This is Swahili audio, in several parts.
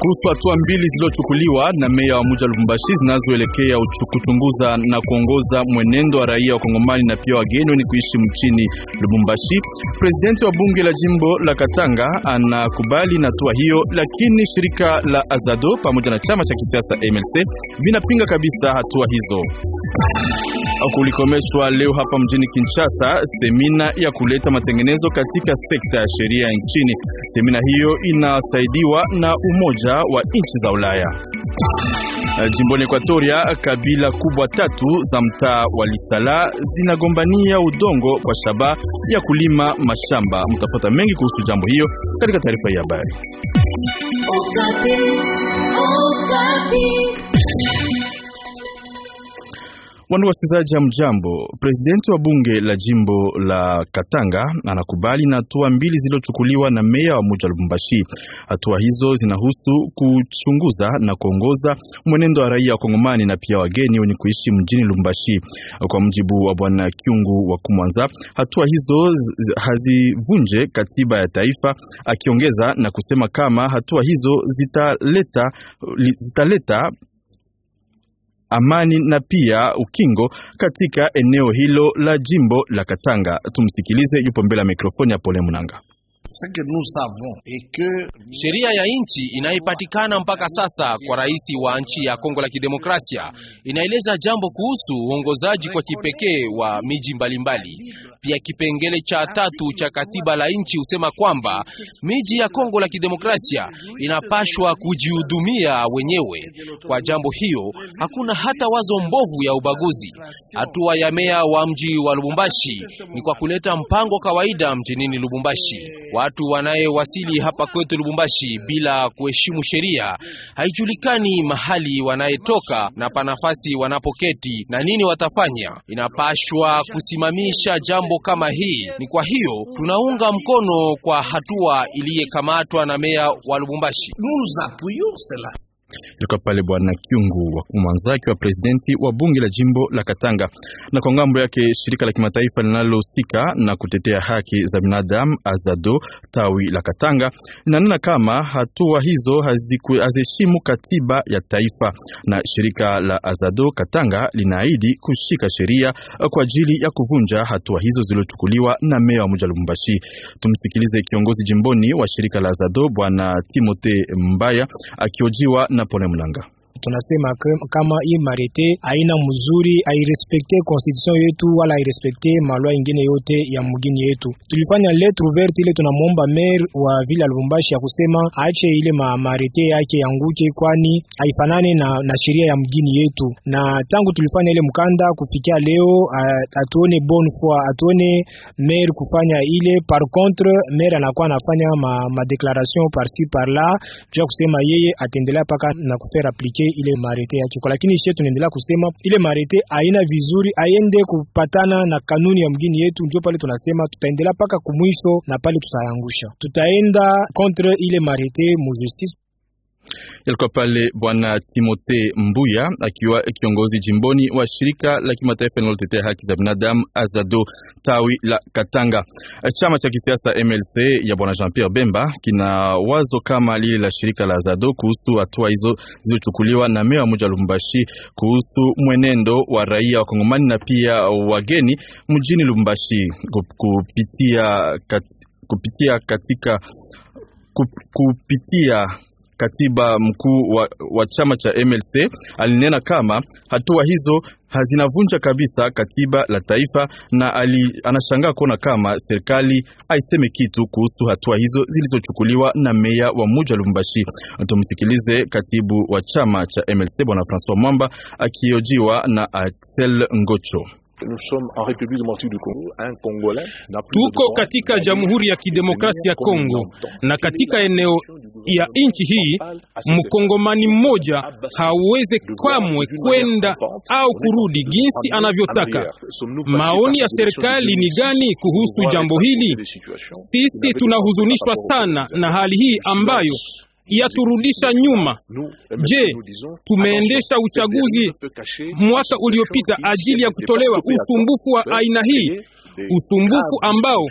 kuhusu hatua mbili zilizochukuliwa na meya wa mji wa Lubumbashi zinazoelekea kuchunguza na kuongoza mwenendo wa raia wa Kongomani na pia wageni wenye kuishi mchini Lubumbashi. Presidenti wa bunge la jimbo la Katanga anakubali na hatua hiyo, lakini shirika la Azado pamoja na chama cha kisiasa MLC vinapinga kabisa hatua hizo. Kulikomeshwa leo hapa mjini Kinshasa semina ya kuleta matengenezo katika sekta ya sheria nchini. Semina hiyo inasaidiwa na Umoja wa Nchi za Ulaya. Jimboni Ekwatoria, kabila kubwa tatu za mtaa wa Lisala zinagombania udongo kwa shaba ya kulima mashamba. Mtapata mengi kuhusu jambo hiyo katika taarifa ya habari. Wandu wasikilizaji, mjambo. Presidenti wa bunge la jimbo la Katanga anakubali na hatua mbili zilizochukuliwa na meya wa muji wa Lubumbashi. Hatua hizo zinahusu kuchunguza na kuongoza mwenendo wa raia wa Kongomani na pia wageni wenye kuishi mjini Lubumbashi. Kwa mjibu wa bwana Kyungu wa Kumwanza, hatua hizo hazivunje katiba ya taifa, akiongeza na kusema kama hatua hizo zitaleta, zitaleta amani na pia ukingo katika eneo hilo la jimbo la Katanga. Tumsikilize, yupo mbele ya mikrofoni ya Pole Munanga. Sheria ya nchi inayopatikana mpaka sasa kwa rais wa nchi ya Kongo la Kidemokrasia inaeleza jambo kuhusu uongozaji kwa kipekee wa miji mbalimbali pia kipengele cha tatu cha katiba la nchi husema kwamba miji ya Kongo la Kidemokrasia inapashwa kujihudumia wenyewe. Kwa jambo hiyo, hakuna hata wazo mbovu ya ubaguzi. Hatua ya meya wa mji wa Lubumbashi ni kwa kuleta mpango kawaida mjinini Lubumbashi. Watu wanayewasili hapa kwetu Lubumbashi bila kuheshimu sheria, haijulikani mahali wanayetoka na panafasi wanapoketi na nini watafanya. Inapashwa kusimamisha jambo mambo kama hii. Ni kwa hiyo tunaunga mkono kwa hatua iliyekamatwa na meya wa Lubumbashi. Ilikuwa pale bwana Kyungu mwanzake wa presidenti wa bunge la jimbo la Katanga. Na kwa ngambo yake shirika la kimataifa linalohusika na kutetea haki za binadamu Azado tawi la Katanga linanena kama hatua hizo haziheshimu katiba ya taifa, na shirika la Azado Katanga linaahidi kushika sheria kwa ajili ya kuvunja hatua hizo zilizochukuliwa na meya wa mji wa Lubumbashi. Tumsikilize kiongozi jimboni wa shirika la Azado bwana Timote Mbaya akiojiwa na Napoleon Blanca. tunasema kama hii marete aina mzuri, airespekte constitution yetu wala airespekte malwa ingine yote ya mugini yetu. Tulifanya lettre ouverte ile tunamwomba maire wa vile ya Lubumbashi ya kusema aache ile ma marete yake yanguke, kwani haifanane na, na sheria ya mgini yetu. Na tangu tulifanya ile mkanda kufikia leo atuone bonne foi, atuone maire kufanya ile. Par contre maire anakuwa anafanya ma, ma declaration par ci par là juu kusema yeye atendelea paka na kufaire appliquer ile marete yake. Lakini shie tunaendelea kusema ile marete aina vizuri, aende kupatana na kanuni ya mgini yetu, ndio pale tunasema tutaendelea paka kumwisho na pale tutaangusha, tutaenda contre ile marete mu justice Yalikuwa pale Bwana Timothe Mbuya akiwa kiongozi jimboni wa shirika la kimataifa linalotetea haki za binadamu Azado tawi la Katanga. Chama cha kisiasa MLC ya Bwana Jean Pierre Bemba kina wazo kama lile la shirika la Azado kuhusu hatua hizo zilizochukuliwa na meya wa mji wa Lubumbashi kuhusu mwenendo wa raia wa Kongomani na pia wageni mjini Lubumbashi kupitia, kat, kupitia katika kup, kupitia katiba mkuu wa, wa chama cha MLC alinena kama hatua hizo hazinavunja kabisa katiba la taifa na ali, anashangaa kuona kama serikali aiseme kitu kuhusu hatua hizo zilizochukuliwa na meya wa muji wa Lubumbashi. Tumsikilize katibu wa chama cha MLC bwana Francois Mwamba akiojiwa na Axel Ngocho. Tuko katika Jamhuri ya Kidemokrasia ya Kongo na katika eneo ya nchi hii, mkongomani mmoja haweze kamwe kwenda au kurudi jinsi anavyotaka. Maoni ya serikali ni gani kuhusu jambo hili? Sisi tunahuzunishwa sana na hali hii ambayo yaturudisha nyuma. Eh Je, tumeendesha uchaguzi mwaka uliopita ajili ya kutolewa usumbufu wa aina hii, usumbufu ambao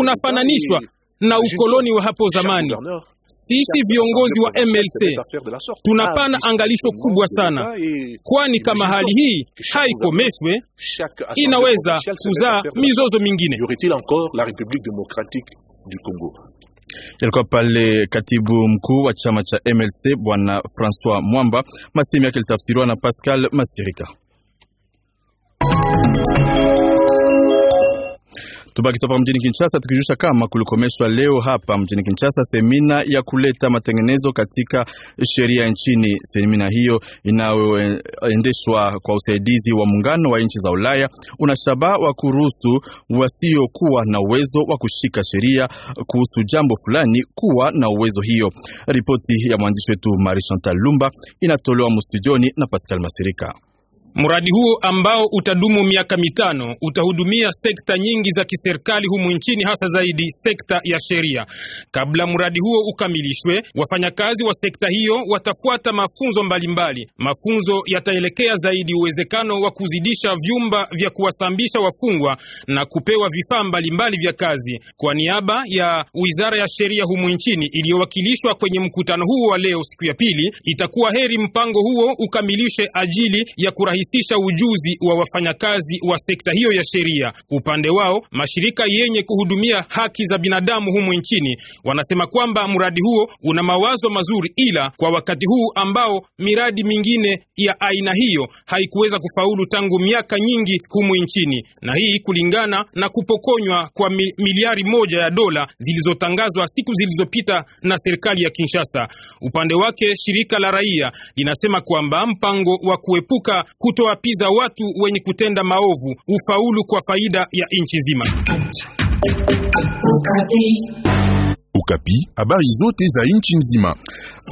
unafananishwa na ukoloni wa hapo zamani. Sisi viongozi wa MLC tunapana ah, angalisho kubwa sana, kwani kama hali hii haikomeshwe inaweza kuzaa mizozo mingine. Yalikuwa pale katibu mkuu wa chama cha MLC bwana Francois Mwamba. Masemi yake litafsiriwa na Pascal Masirika. Tubaki toka mjini Kinshasa tukijusha kama kulikomeshwa leo hapa mjini Kinshasa semina ya kuleta matengenezo katika sheria nchini. Semina hiyo inayoendeshwa kwa usaidizi wa muungano wa nchi za Ulaya una shabaha wa kuruhusu wasiokuwa na uwezo wa kushika sheria kuhusu jambo fulani kuwa na uwezo hiyo. Ripoti ya mwandishi wetu Marie Chantal Lumba inatolewa mustudioni na Pascal Masirika. Mradi huo ambao utadumu miaka mitano utahudumia sekta nyingi za kiserikali humu nchini, hasa zaidi sekta ya sheria. Kabla mradi huo ukamilishwe, wafanyakazi wa sekta hiyo watafuata mafunzo mbalimbali. Mafunzo yataelekea zaidi uwezekano wa kuzidisha vyumba vya kuwasambisha wafungwa na kupewa vifaa mbalimbali vya kazi. Kwa niaba ya Wizara ya Sheria humu nchini iliyowakilishwa kwenye mkutano huo wa leo siku ya pili, itakuwa heri mpango huo ukamilishe ajili ya kurahisi kurahisisha ujuzi wa wafanyakazi wa sekta hiyo ya sheria. Upande wao, mashirika yenye kuhudumia haki za binadamu humu nchini wanasema kwamba mradi huo una mawazo mazuri, ila kwa wakati huu ambao miradi mingine ya aina hiyo haikuweza kufaulu tangu miaka nyingi humu nchini, na hii kulingana na kupokonywa kwa miliari moja ya dola zilizotangazwa siku zilizopita na serikali ya Kinshasa. Upande wake, shirika la raia linasema kwamba mpango wa kuepuka kutu kutoapiza watu wenye kutenda maovu ufaulu kwa faida ya nchi nzima. Ukapi, habari zote za nchi nzima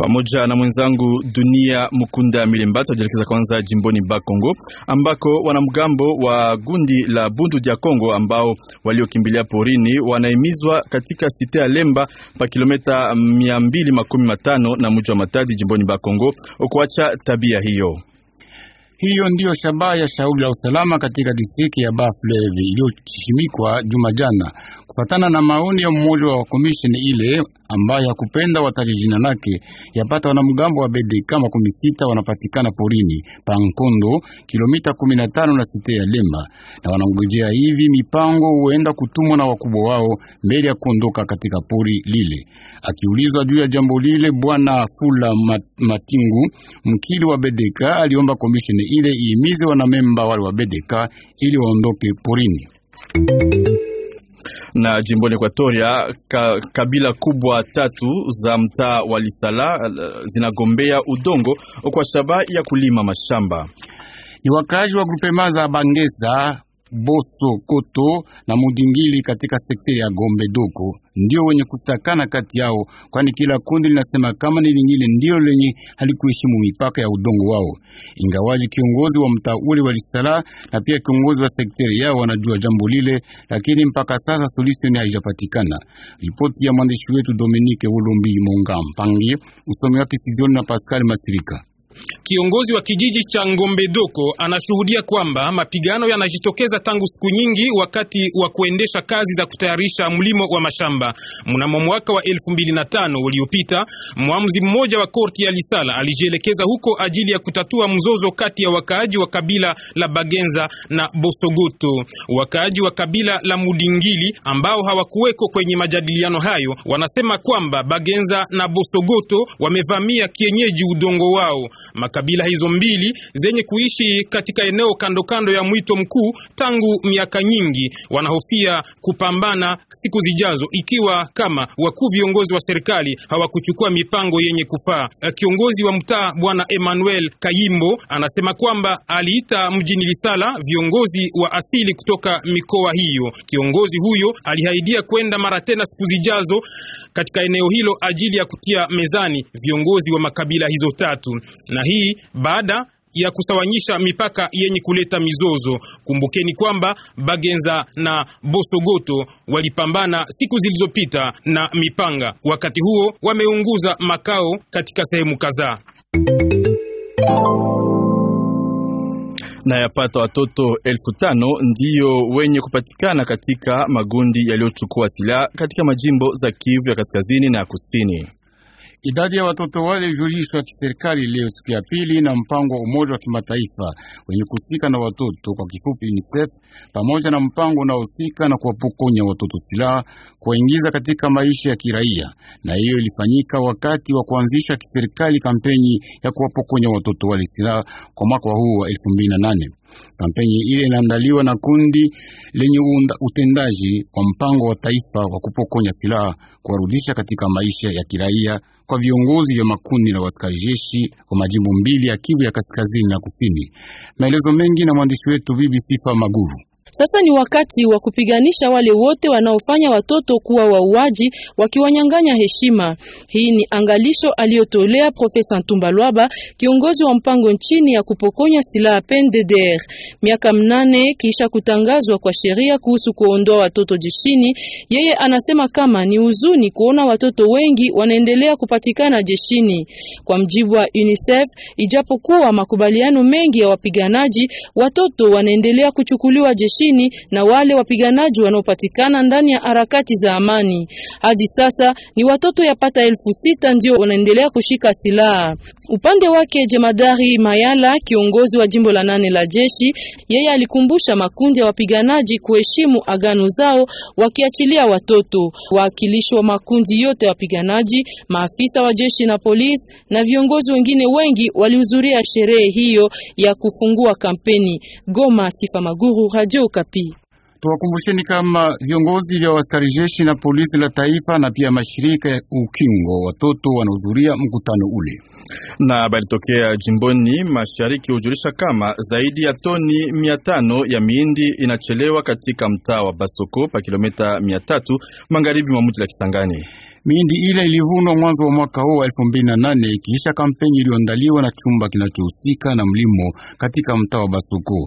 pamoja na mwenzangu Dunia Mukunda Milembato. Ajielekeza kwanza jimboni Bakongo ambako wanamgambo wa gundi la Bundu dia Kongo ambao waliokimbilia porini wanaimizwa katika site ya Lemba pa kilomita 215 na mji wa Matadi jimboni Bakongo kuacha tabia hiyo. Hiyo ndiyo shabaha ya shauri la usalama katika distrikti ya Baflev iliyoshimikwa juma jana, kufatana na maoni ya mmoja wa komisheni ile ambaye hakupenda wataje jina lake. Yapata wanamgambo wa BDK makumi sita wanapatikana porini Pankondo, kilomita 15 na site ya lema na wanangojea hivi mipango huenda kutumwa na wakubwa wao mbele ya kuondoka katika pori lile. Akiulizwa juu ya jambo lile, bwana Fula Matingu, mkili wa BDK, aliomba komisheni ile wana wanamemba wale wa BDK ili waondoke porini na jimboni Ekuatoria ka, kabila kubwa tatu za mtaa wa Lisala eh, zinagombea udongo kwa shabaha ya kulima mashamba. Ni wakaaji wa grupema za Bangesa Boso Koto na Mudingili katika sekta ya Gombe Doko ndio wenye kustakana kati yao, kwani kila kundi linasema kama ni lingine ndio lenye halikuheshimu mipaka ya udongo wao, ingawaji kiongozi wa mtaa ule wa Lisala na pia kiongozi wa sekteri yao wanajua jambo lile, lakini mpaka sasa solution haijapatikana. Ripoti ya mwandishi wetu Dominique Wolombi Monga Mpangi, usomi wake Sidioni na Pascal Masirika. Kiongozi wa kijiji cha Ngombedoko anashuhudia kwamba mapigano yanajitokeza tangu siku nyingi wakati wa kuendesha kazi za kutayarisha mlimo wa mashamba. Mnamo mwaka wa 2005 uliopita, mwamuzi mmoja wa korti ya Lisala alijielekeza huko ajili ya kutatua mzozo kati ya wakaaji wa kabila la Bagenza na Bosogoto. Wakaaji wa kabila la Mudingili ambao hawakuweko kwenye majadiliano hayo wanasema kwamba Bagenza na Bosogoto wamevamia kienyeji udongo wao. Makabila hizo mbili zenye kuishi katika eneo kando kando ya mwito mkuu tangu miaka nyingi wanahofia kupambana siku zijazo, ikiwa kama wakuu viongozi wa serikali hawakuchukua mipango yenye kufaa. Kiongozi wa mtaa Bwana Emmanuel Kayimbo anasema kwamba aliita mjini Lisala viongozi wa asili kutoka mikoa hiyo. Kiongozi huyo alihaidia kwenda mara tena siku zijazo katika eneo hilo ajili ya kutia mezani viongozi wa makabila hizo tatu na hii baada ya kusawanyisha mipaka yenye kuleta mizozo. Kumbukeni kwamba Bagenza na Bosogoto walipambana siku zilizopita na mipanga, wakati huo wameunguza makao katika sehemu kadhaa na yapata watoto elfu tano ndiyo wenye kupatikana katika magundi yaliyochukua silaha katika majimbo za Kivu ya kaskazini na kusini. Idadi ya watoto waliojulishwa kiserikali leo siku ya pili na mpango wa Umoja wa Kimataifa wenye kuhusika na watoto kwa kifupi UNICEF, pamoja na mpango unaohusika na kuwapokonya watoto silaha kuwaingiza katika maisha ya kiraia, na hiyo ilifanyika wakati wa kuanzisha kiserikali kampeni ya kuwapokonya watoto wale silaha kwa mwaka huu wa 2008. Kampeni ile inaandaliwa na kundi lenye utendaji kwa mpango wa taifa wa kupokonya silaha kuwarudisha katika maisha ya kiraia kwa viongozi vya makundi na waskari jeshi wa majimbo mbili ya Kivu ya kaskazini na kusini. Maelezo mengi na mwandishi wetu BBC maguru sasa ni wakati wa kupiganisha wale wote wanaofanya watoto kuwa wauaji wakiwanyang'anya heshima. Hii ni angalisho aliyotolea Profesa Ntumba Lwaba, kiongozi wa mpango nchini ya kupokonya silaha PNDDR, miaka mnane kisha kutangazwa kwa sheria kuhusu kuondoa watoto jeshini. Yeye anasema kama ni huzuni kuona watoto wengi wanaendelea kupatikana jeshini. Kwa mjibu wa UNICEF, ijapokuwa makubaliano mengi ya wapiganaji, watoto wanaendelea kuchukuliwa jeshini nchini na wale wapiganaji wanaopatikana ndani ya harakati za amani. Hadi sasa ni watoto yapata elfu sita ndio wanaendelea kushika silaha. Upande wake Jemadari Mayala, kiongozi wa jimbo la nane la jeshi, yeye alikumbusha makundi ya wapiganaji kuheshimu agano zao, wakiachilia watoto. Waakilishi wa makundi yote ya wapiganaji, maafisa wa jeshi na polisi na viongozi wengine wengi walihudhuria sherehe hiyo ya kufungua kampeni. Goma, Sifa Maguru, Radio Okapi. Tuwakumbusheni kama viongozi vya askari jeshi na polisi la taifa na pia mashirika ya ukingo watoto wanahudhuria mkutano ule. Na balitokea jimboni mashariki hujulisha kama zaidi ya toni mia tano ya miindi inachelewa katika mtaa wa Basoko pa kilomita mia tatu magharibi mwa mji la Kisangani mindi ile ilivunwa mwanzo wa mwaka huu wa 2008 ikiisha kampeni iliyoandaliwa na chumba kinachohusika na mlimo katika mtaa wa Basuku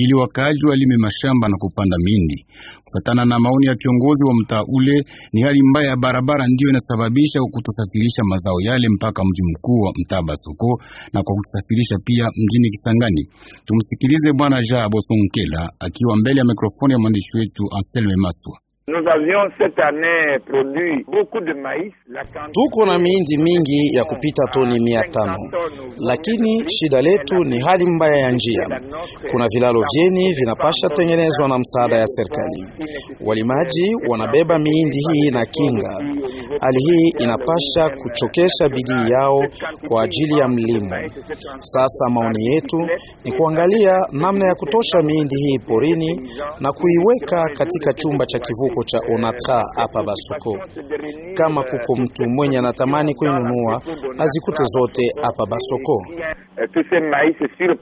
ili wakaaji walime mashamba na kupanda mindi Kufatana na maoni ya kiongozi wa mtaa ule, ni hali mbaya ya barabara ndiyo inasababisha kutosafirisha mazao yale mpaka mji mkuu wa mtaa Basuku na kwa kusafirisha pia mjini Kisangani. Tumsikilize Bwana Jean Bosonkela akiwa mbele ya mikrofoni ya mwandishi wetu Anselme Maswa. Nous avions cette année produit beaucoup de maïs. Tuko na miindi mingi ya kupita toni mia tano, lakini shida letu ni hali mbaya ya njia. Kuna vilalo vyeni vinapasha tengenezwa na msaada ya serikali. Walimaji wanabeba miindi hii na kinga. Hali hii inapasha kuchokesha bidii yao kwa ajili ya mlimo. Sasa maoni yetu ni kuangalia namna ya kutosha miindi hii porini na kuiweka katika chumba cha kivuko cha Onatra hapa Basoko. Kama kuko mtu mwenye anatamani kuinunua, azikute zote hapa Basoko. Eh,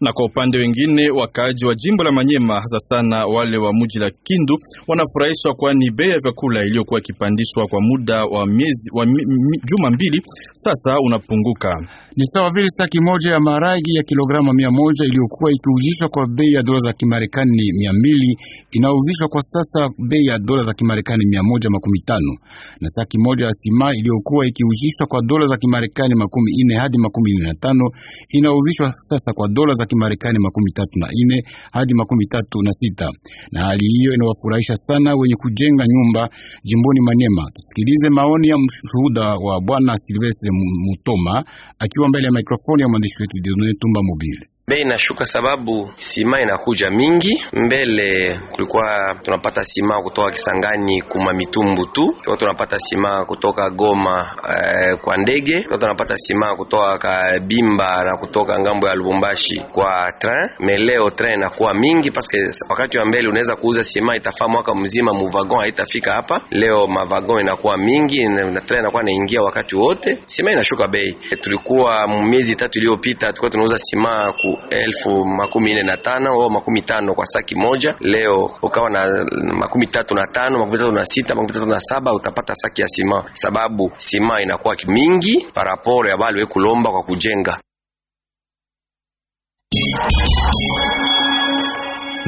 Na kwa upande wengine, wakaaji wa jimbo la Manyema, hasa sana wale wa mji la Kindu, wanafurahishwa kwani bei ya vyakula iliyokuwa ikipandishwa kwa muda wa miezi wa mi, mi, juma mbili sasa unapunguka ni sawa vile saki moja ya maragi ya kilogramu mia moja iliyokuwa ikiuzishwa kwa bei ya dola za Kimarekani mia mbili inauzishwa kwa sasa bei ya dola za Kimarekani mia moja makumi tano na saki moja ya sima iliyokuwa ikiuzishwa kwa dola za Kimarekani makumi ine hadi makumi na tano inauzishwa sasa kwa dola za Kimarekani makumi tatu na ine hadi makumi tatu na sita na hali hiyo inawafurahisha sana wenye kujenga nyumba jimboni Manema. Tusikilize maoni ya mshuhuda wa bwana Silvestre Mutoma akiwa akiwa mbele ya mikrofoni ya mwandishi wetu Dieudonne Tumba Mobile. Bei inashuka sababu sima inakuja mingi. Mbele kulikuwa tunapata sima kutoka Kisangani kuma mitumbu tu, kwa tunapata sima kutoka Goma eh, kwa ndege, kwa tunapata sima kutoka Kabimba na kutoka ngambo ya Lubumbashi kwa train. Meleo train inakuwa mingi paske wakati wa mbele unaweza kuuza sima itafaa mwaka mzima, muvagon haitafika hapa. Leo mavagon inakuwa mingi na train inakuwa naingia wakati wote, sima inashuka bei. Tulikuwa miezi tatu iliyopita tulikuwa tunauza sima ku elfu makumi nne na tano au makumi tano kwa saki moja. Leo ukawa na makumi tatu na tano makumi tatu na sita makumi tatu na saba utapata saki ya sima, sababu sima inakuwa mingi paraporo ya bali we kulomba kwa kujenga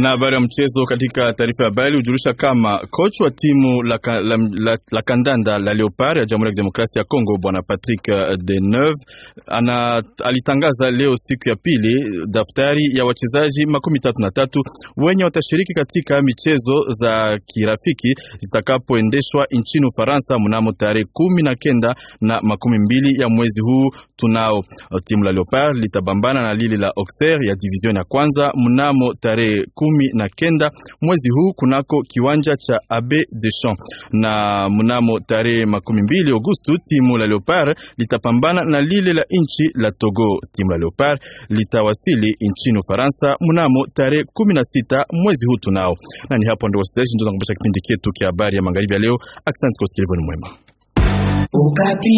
Na habari ya mchezo katika taarifa ya habari hujulisha kama kocha wa timu la, la, la, la kandanda la Leopard ya Jamhuri ya Kidemokrasia ya Kongo Bwana Patrick Deneuve ana, alitangaza leo siku ya pili daftari ya wachezaji makumi tatu na tatu wenye watashiriki katika michezo za kirafiki zitakapoendeshwa nchini Ufaransa mnamo tarehe kumi na kenda na makumi mbili ya mwezi huu. Tunao timu la Leopard litabambana na lili la Auxerre ya division ya kwanza mnamo tarehe kumi na kenda mwezi huu kunako kiwanja cha Abe Champs, Na mnamo tarehe makumi mbili Agustu timu la Leopard litapambana na lile la nchi la Togo. Timu la Leopard litawasili nchini Ufaransa mnamo tarehe kumi na sita mwezi huu tunao. Na ni hapo ndio sasa ndio tunakomesha kipindi chetu cha habari ya magharibi ya leo. Asante kwa usikilivu mwema. Ukapi.